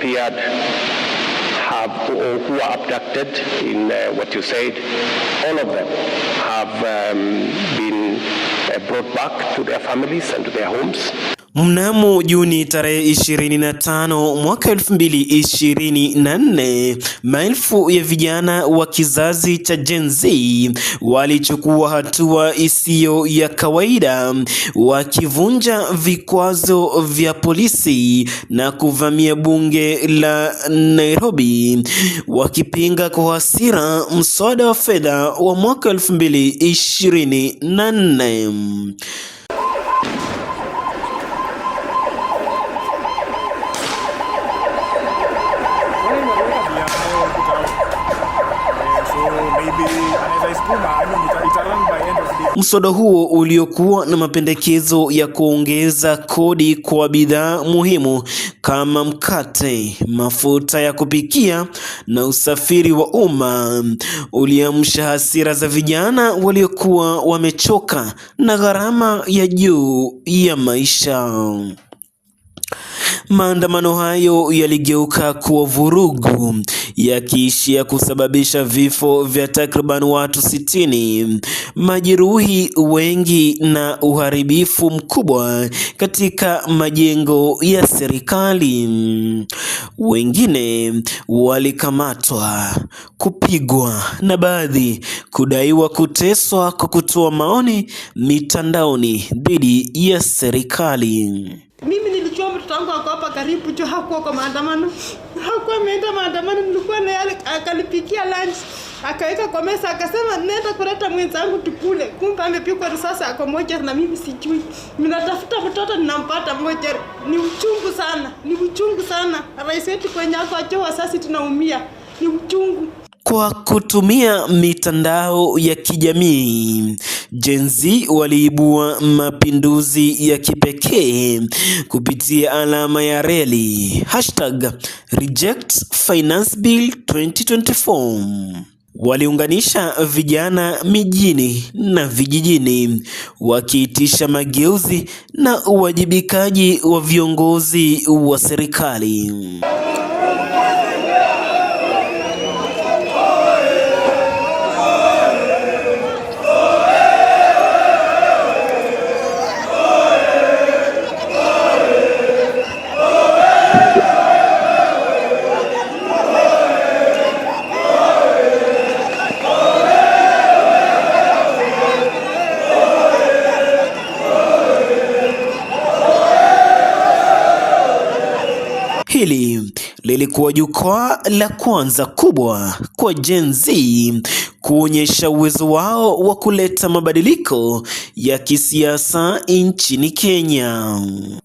disappeared have or who are abducted in uh, what you said, all of them have um, been uh, brought back to their families and to their homes. Mnamo Juni tarehe 25 mwaka 2024, maelfu ya vijana wa kizazi cha Gen Z walichukua hatua isiyo ya kawaida, wakivunja vikwazo vya polisi na kuvamia bunge la Nairobi, wakipinga kwa hasira mswada wa fedha wa mwaka 2024. Mswada huo uliokuwa na mapendekezo ya kuongeza kodi kwa bidhaa muhimu kama mkate, mafuta ya kupikia na usafiri wa umma uliamsha hasira za vijana waliokuwa wamechoka na gharama ya juu ya maisha. Maandamano hayo yaligeuka kuwa vurugu, yakiishia kusababisha vifo vya takriban watu sitini, majeruhi wengi na uharibifu mkubwa katika majengo ya serikali. Wengine walikamatwa, kupigwa na baadhi kudaiwa kuteswa kwa kutoa maoni mitandaoni dhidi ya serikali wangu wako hapa karibu jo hakuwa kwa maandamano, hakuwa ameenda maandamano. Nilikuwa na yale akalipikia lunch akaweka kwa mesa, akasema nenda kuleta mwenzangu tukule. Kumbe amepikwa risasi ako moja, na mimi sijui. Ninatafuta mtoto ninampata moja. Ni uchungu sana, ni uchungu sana. Rais wetu kwenye ako acho sasa tunaumia, ni uchungu. Kwa kutumia mitandao ya kijamii Gen Z waliibua mapinduzi ya kipekee kupitia alama ya reli hashtag reject finance bill 2024 waliunganisha vijana mijini na vijijini wakiitisha mageuzi na uwajibikaji wa viongozi wa serikali. Hili lilikuwa jukwaa la kwanza kubwa kwa Gen Z kuonyesha uwezo wao wa kuleta mabadiliko ya kisiasa nchini Kenya.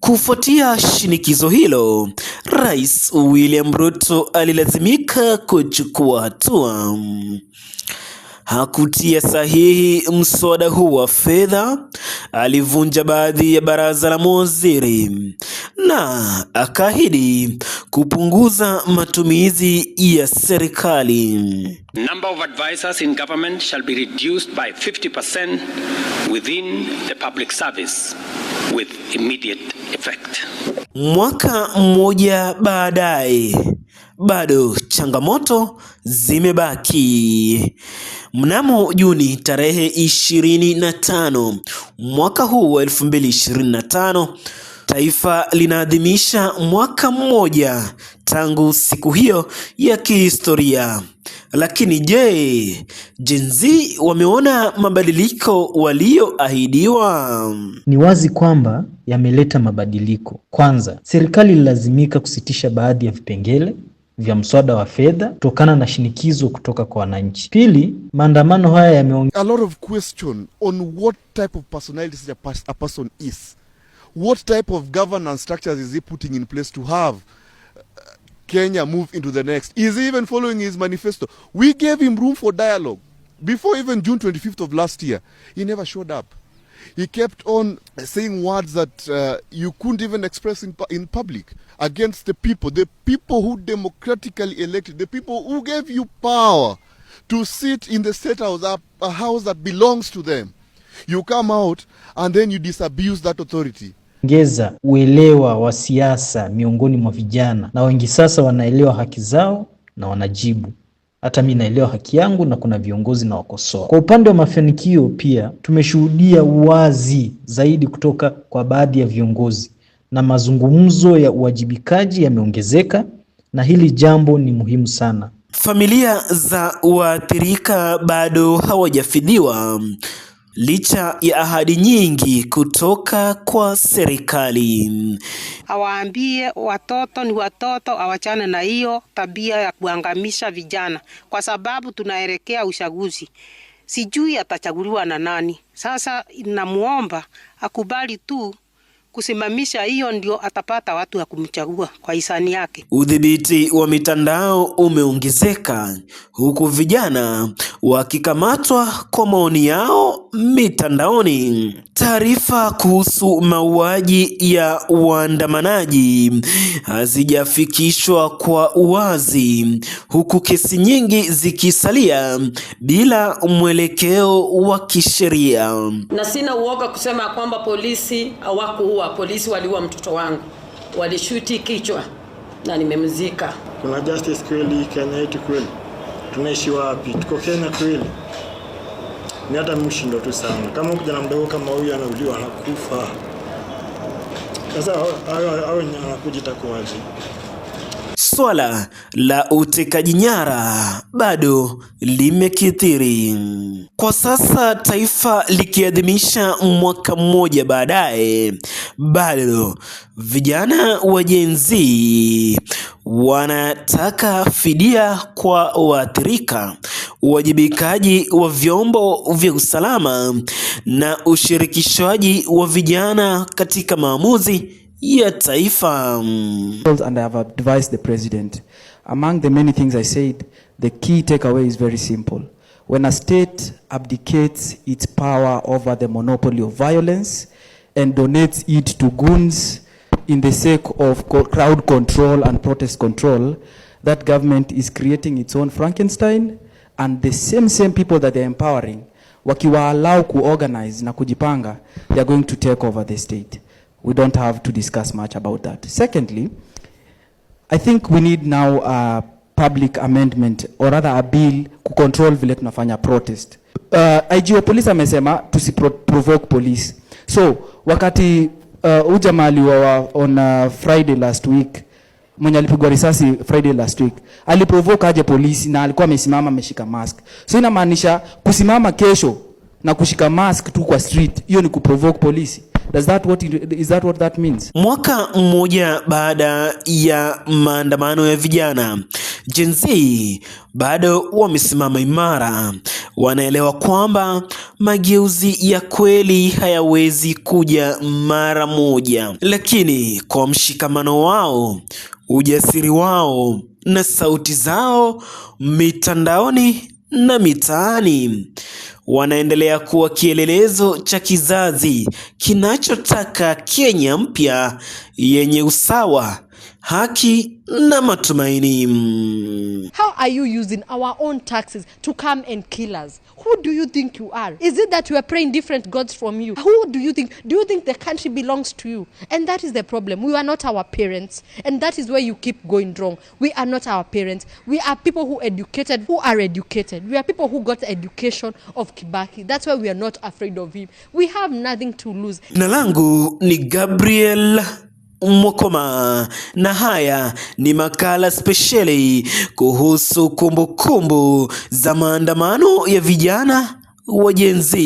Kufuatia shinikizo hilo, Rais William Ruto alilazimika kuchukua hatua hakutia sahihi mswada huu wa fedha, alivunja baadhi ya baraza la mawaziri na akaahidi kupunguza matumizi ya serikali. Number of advisors in government shall be reduced by 50% within the public service with immediate effect. Mwaka mmoja baadaye, bado changamoto zimebaki. Mnamo Juni tarehe ishirini na tano mwaka huu wa elfu mbili ishirini na tano Taifa linaadhimisha mwaka mmoja tangu siku hiyo ya kihistoria. Lakini je, Gen Z wameona mabadiliko walioahidiwa? Ni wazi kwamba yameleta mabadiliko. Kwanza, serikali ililazimika kusitisha baadhi ya vipengele vya mswada wa fedha kutokana na shinikizo kutoka kwa wananchi. Pili, maandamano haya yameongeza a lot of question on what type of personality a person is what type of governance structures is he putting in place to have uh, Kenya move into the next? Is he even following his manifesto? We gave him room for dialogue. Before even June 25th of last year, he never showed up. He kept on saying words that uh, you couldn't even express in, in public against the people, the people who democratically elected, the people who gave you power to sit in the state house, a, a house that belongs to them. You come out and then you disabuse that authority. kuongeza uelewa wa siasa miongoni mwa vijana, na wengi sasa wanaelewa haki zao na wanajibu hata mi naelewa haki yangu, na kuna viongozi na wakosoa. Kwa upande wa mafanikio pia tumeshuhudia uwazi zaidi kutoka kwa baadhi ya viongozi na mazungumzo ya uwajibikaji yameongezeka, na hili jambo ni muhimu sana. Familia za waathirika bado hawajafidiwa licha ya ahadi nyingi kutoka kwa serikali. Awaambie watoto ni watoto, awachane na hiyo tabia ya kuangamisha vijana, kwa sababu tunaelekea uchaguzi. Sijui atachaguliwa na nani. Sasa namuomba akubali tu kusimamisha hiyo, ndio atapata watu wa kumchagua kwa hisani yake. Udhibiti wa mitandao umeongezeka huku vijana wakikamatwa kwa maoni yao mitandaoni. Taarifa kuhusu mauaji ya waandamanaji hazijafikishwa kwa uwazi, huku kesi nyingi zikisalia bila mwelekeo wa kisheria. Na sina uoga kusema kwamba polisi hawakuua. Polisi waliua mtoto wangu, walishuti kichwa na nimemzika. Kuna justice kweli Kenya yetu kweli? Tunaishi wapi? Tuko Kenya kweli? ni hata mshindo tu sana. Kama na mdogo kama huyu anauliwa anakufa, sasa awe anakuja itakuwaje? Swala la utekaji nyara bado limekithiri. Kwa sasa taifa likiadhimisha mwaka mmoja baadaye, bado vijana wa Gen Z wanataka fidia kwa waathirika, uwajibikaji wa vyombo vya usalama na ushirikishwaji wa vijana katika maamuzi ya taifa. Mm, and I have advised the president. Among the many things I said, the key takeaway is very simple. When a state abdicates its power over the monopoly of violence and donates it to goons in the sake of crowd control and protest control, that government is creating its own Frankenstein and the same same people that they're empowering wakiwaalau kuorganize na kujipanga, they are going to take over the state we don't have to discuss much about that. Secondly, I think we need now a public amendment or rather a bill to control vile tunafanya protest. Uh, IGO polisi amesema tusiprovoke police. So wakati uh, ujamali wa on uh, Friday last week mwenye alipigwa risasi Friday last week aliprovoke aje polisi na alikuwa amesimama ameshika mask. So inamaanisha kusimama kesho na kushika mask tu kwa street, hiyo ni kuprovoke polisi. Does that what it, is that what that means? Mwaka mmoja baada ya maandamano ya vijana Gen Z bado wamesimama imara, wanaelewa kwamba mageuzi ya kweli hayawezi kuja mara moja, lakini kwa mshikamano wao, ujasiri wao na sauti zao mitandaoni na mitaani wanaendelea kuwa kielelezo cha kizazi kinachotaka Kenya mpya yenye usawa, haki na matumaini. How are you using our own taxes to come and kill us? Who do you think you are? Is it that we are praying different gods from you? Who do you think? Do you think the country belongs to you? And that is the problem. We are not our parents. And that is where you keep going wrong. We are not our parents. We are people who educated, who are educated. We are people who got education of Kibaki. That's why we are not afraid of him. We have nothing to lose. nalangu ni Gabriel Mwakoma na haya ni makala spesheli kuhusu kumbukumbu kumbu za maandamano ya vijana wa Gen Z.